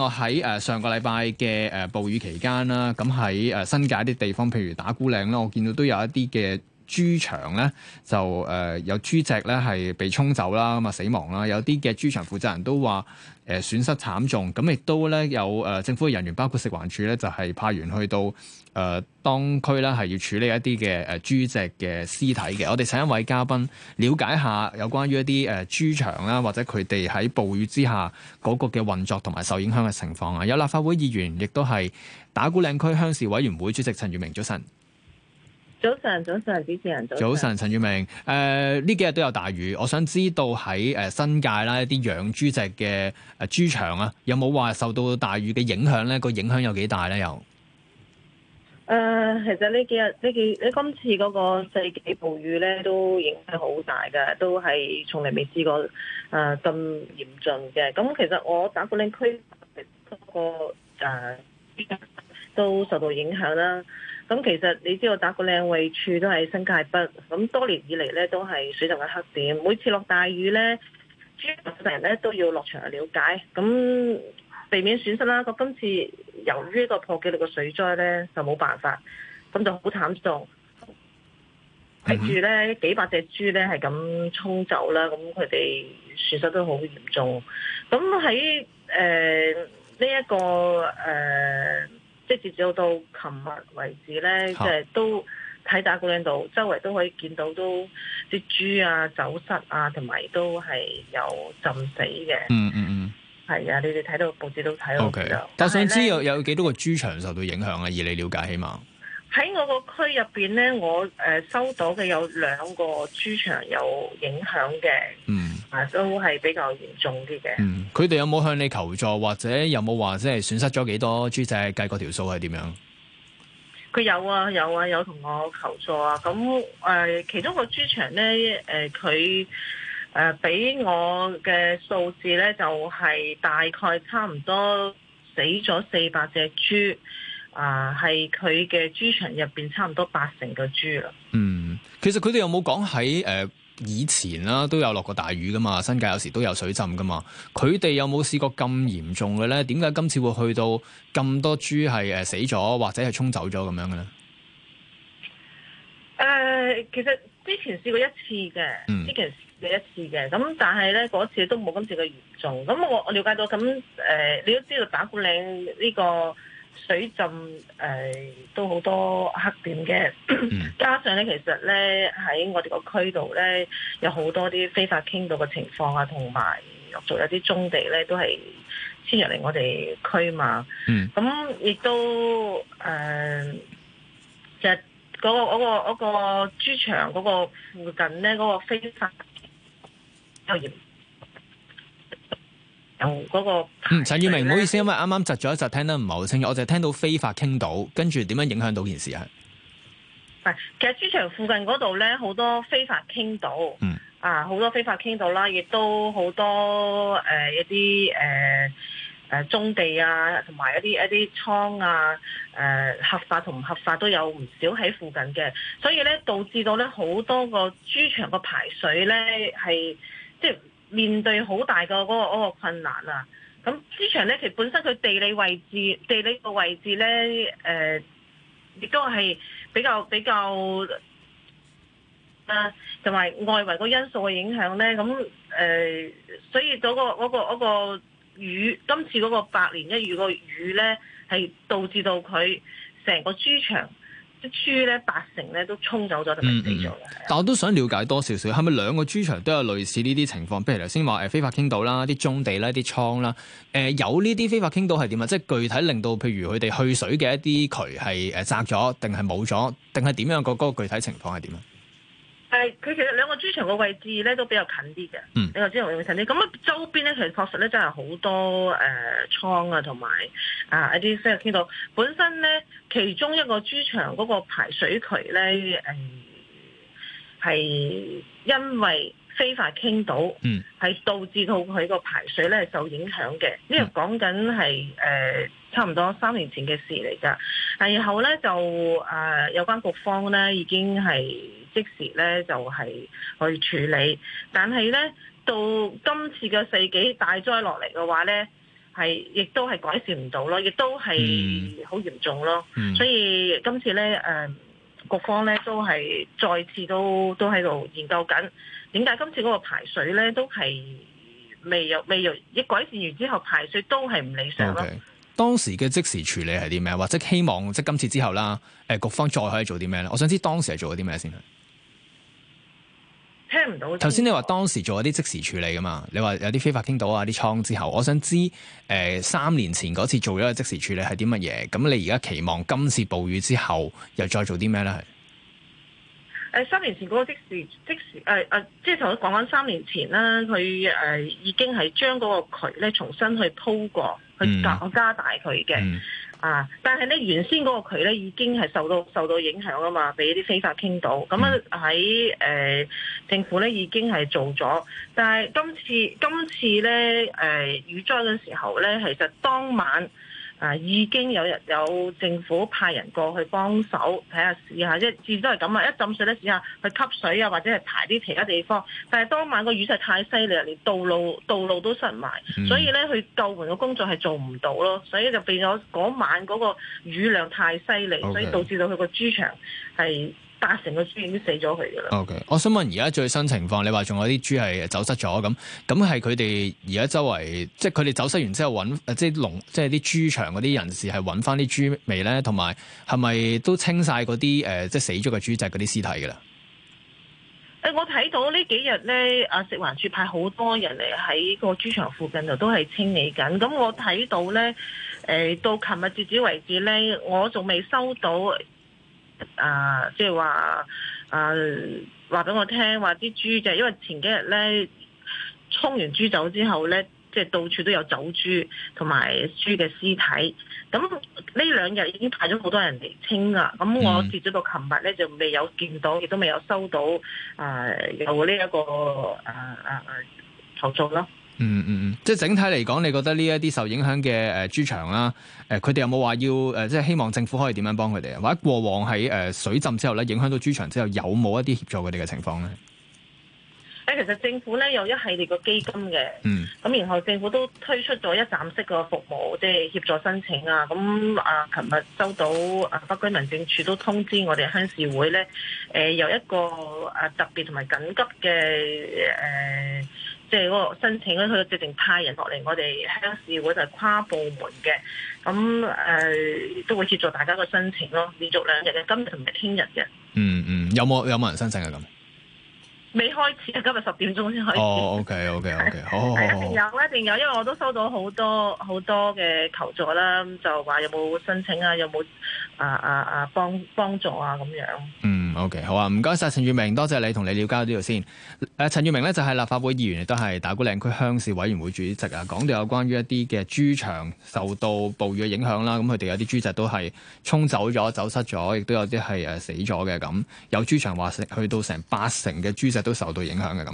我喺誒上個禮拜嘅誒暴雨期間啦，咁喺誒新界啲地方，譬如打鼓嶺啦，我見到都有一啲嘅。豬場咧就誒、呃、有豬隻咧係被沖走啦，咁啊死亡啦，有啲嘅豬場負責人都話誒損失慘重，咁亦都咧有誒政府人員，包括食環署咧就係派員去到誒、呃、當區啦，係要處理一啲嘅誒豬隻嘅屍體嘅。我哋請一位嘉賓了解下有關於一啲誒豬場啦，或者佢哋喺暴雨之下嗰個嘅運作同埋受影響嘅情況啊。有立法會議員亦都係打鼓嶺區鄉事委員會主席陳月明，早晨。早晨，早晨主持人，早晨，陳月明。誒、呃，呢幾日都有大雨，我想知道喺誒新界啦一啲養豬隻嘅誒豬場啊，有冇話受到大雨嘅影響咧？個影響有幾大咧？又誒、呃，其實呢幾日呢幾，你今次嗰個世紀暴雨咧，都影響好大㗎，都係從嚟未試過誒咁嚴峻嘅。咁、嗯嗯、其實我打鼓嶺區個誒、呃、都受到影響啦。咁其實你知道打鼓嶺位處都係新界北，咁多年以嚟咧都係水浸嘅黑點，每次落大雨咧，豬場啲人咧都要落場去了解，咁避免損失啦。咁今次由於一個破紀錄嘅水災咧，就冇辦法，咁就好慘重。係住咧幾百隻豬咧係咁沖走啦，咁佢哋損失都好嚴重。咁喺誒呢一個誒。呃直至到到琴日為止咧，即係哈都睇打鼓嶺度，周圍都可以見到都啲豬啊走失啊，同埋都係有浸死嘅、嗯。嗯嗯嗯，係啊，你哋睇到報紙都睇到啦。Okay. 但係想知有有幾多個豬場受到影響啊？以你了解，起碼喺我個區入邊咧，我誒、呃、收到嘅有兩個豬場有影響嘅。嗯。都係比較嚴重啲嘅。嗯，佢哋有冇向你求助，或者有冇話即係損失咗幾多豬仔計嗰條數係點樣？佢有啊，有啊，有同我求助啊。咁誒、呃，其中個豬場咧，誒、呃，佢誒俾我嘅數字咧，就係、是、大概差唔多死咗四百隻豬。啊、呃，係佢嘅豬場入邊差唔多八成嘅豬啦。嗯，其實佢哋有冇講喺誒？呃以前啦都有落過大雨㗎嘛，新界有時都有水浸㗎嘛。佢哋有冇試過咁嚴重嘅咧？點解今次會去到咁多豬係誒死咗或者係沖走咗咁樣嘅咧？誒、呃，其實之前試過一次嘅，嗯、之前嗯，試過一次嘅咁，但係咧嗰次都冇今次咁嚴重。咁我我瞭解到咁誒、呃，你都知道打鼓嶺呢、呢個水浸誒、呃、都好多黑點嘅， 加上咧其實咧喺我哋個區度咧有好多啲非法傾倒嘅情況啊，同埋陸續有啲棕地咧都係遷入嚟我哋區嘛。咁亦、 嗯、都誒，其實嗰個嗰、嗰個嗰、嗰個豬場嗰個附近咧嗰、嗰個非法污染。嗰個嗰、哦嗰個，嗯，陳月明，唔好意思，因為啱啱窒咗一窒，聽得唔係好清楚。我就聽到非法傾倒，跟住點樣影響到件事係？唔，其實豬場附近嗰度咧好多非法傾倒，嗯、啊，好多非法傾倒啦，亦都好多誒、呃、一啲誒誒棕地啊，同埋一啲一啲倉啊，誒、呃、合法同唔合法都有唔少喺附近嘅，所以咧導致到咧好多個豬場個排水咧係即。面對好大、嗰個嗰、嗰個困難啊！咁豬場咧，其實本身佢地理位置、地理個位置咧，誒、呃、亦都係比較比較啊，同埋外圍個因素嘅影響咧，咁誒、呃，所以嗰、嗰個嗰、嗰個嗰個嗰個嗰個、雨，今次嗰個百年一遇個雨咧，係導致到佢成個豬場。啲豬咧，八成咧，都沖走咗同埋死咗。但我都想了解多少少，係咪兩個豬場都有類似呢啲情況？譬如頭先話誒非法傾倒啦、啲棕地啦、啲倉啦。誒、呃、有呢啲非法傾倒係點啊？即係具體令到譬如佢哋去水嘅一啲渠係誒窄咗，定係冇咗，定係點樣個嗰個具體情況係點啊？佢、嗯、其實兩個豬場個位置咧都比較近啲嘅，比較接近啲。咁、呃、啊，周邊咧其實確實咧真係好多誒倉啊，同埋啊一啲即係聽到本身咧其中一個豬場嗰個排水渠咧誒係因為，非法傾倒，係、嗯、導致到佢個排水咧受影響嘅。呢度講緊係誒差唔多三年前嘅事嚟㗎。係然後咧就誒有關局方咧已經係即時咧就係去處理，但係咧到今次嘅世紀大災落嚟嘅話咧，係亦都係改善唔到咯，亦都係好嚴重咯。嗯、所以今次咧誒局方咧都係再次都都喺度研究緊。點解今次嗰個排水咧都係未有未有？一改善完之後排水都係唔理想咯。Okay. 當時嘅即時處理係啲咩？或者希望即今次之後啦，誒、呃、局方再可以做啲咩咧？我想知當時係做咗啲咩先。聽唔到。頭先你話當時做一啲即時處理㗎嘛？你話有啲非法傾倒啊，啲倉之後，我想知誒三，呃、年前嗰次做咗個即時處理係啲乜嘢？咁你而家期望今次暴雨之後又再做啲咩咧？誒三年前嗰、那個即時即時誒誒、呃，即係頭先講緊三年前啦，佢誒、呃、已經係將嗰個渠咧重新去鋪過，去加加大佢嘅、嗯、啊！但係咧原先嗰個渠咧已經係受到受到影響啊嘛，俾啲非法傾倒。咁啊喺誒政府咧已經係做咗，但係今次今次咧誒、呃、雨災嘅時候咧，其實當晚。啊！已經有人有政府派人過去幫手睇下試下，即係至少係咁啊！一浸水咧試下去吸水啊，或者係排啲其他地方。但係當晚個雨勢太犀利，連道路道路都塞埋，嗯、所以咧佢救援嘅工作係做唔到咯。所以就變咗嗰晚嗰個雨量太犀利，Okay. 所以導致到佢個豬場係。八成嘅豬已經死咗，佢㗎喇。OK，我想問而家最新情況，你話仲有啲豬係走失咗咁？咁係佢哋而家周圍，即係佢哋走失完之後揾，即係農，即係啲豬場嗰啲人士係揾翻啲豬味咧，同埋係咪都清晒嗰啲誒，即係死咗嘅豬仔嗰啲屍體㗎喇？誒、呃，我睇到幾呢幾日咧，阿、啊、食環署派好多人嚟喺個豬場附近度都係清理緊。咁我睇到咧，誒、呃、到琴日截止為止咧，我仲未收到。啊，即係話啊，話俾我聽話啲豬就係因為前幾日咧沖完豬走之後咧，即係到處都有走豬同埋豬嘅屍體。咁呢兩日已經派咗好多人嚟清啦。咁我截咗到琴日咧就未有見到，亦都未有收到、呃這個呃、啊有呢一個啊啊投訴咯。啊啊啊啊啊嗯嗯嗯，即係整體嚟講，你覺得呢一啲受影響嘅誒豬場啦，誒佢哋有冇話要誒、呃、即係希望政府可以點樣幫佢哋啊？或者過往喺誒、呃、水浸之後咧，影響到豬場之後，有冇一啲協助佢哋嘅情況咧？誒、欸，其實政府咧有一系列個基金嘅，嗯，咁然後政府都推出咗一站式個服務，即係協助申請啊。咁啊，琴日收到啊北區民政處都通知我哋鄉事會咧，誒、呃、有一個誒、啊、特別同埋緊急嘅誒。呃即係嗰個申請咧，佢就直情派人落嚟，我哋鄉事會就跨部門嘅，咁誒都會協助大家個申請咯。連續兩日嘅，今日同聽日嘅。嗯嗯，有冇有冇人申請啊？咁未開始啊，今日十點鐘先開始。哦、oh，OK OK OK，好。係，一定有，一定有，因為我都收到好多好多嘅求助啦，就話有冇申請啊？有冇？啊啊啊！幫幫助啊，咁樣。嗯，OK，好啊，唔該晒陳月明，多謝你同你了解到呢度先。誒、呃、陳月明咧就係、是、立法會議員亦都係打鼓嶺區鄉事委員會主席啊。講到有關於一啲嘅豬場受到暴雨嘅影響啦，咁佢哋有啲豬隻都係沖走咗、走失咗，亦都有啲係誒死咗嘅咁。有豬場話成去到成八成嘅豬隻都受到影響嘅咁。啊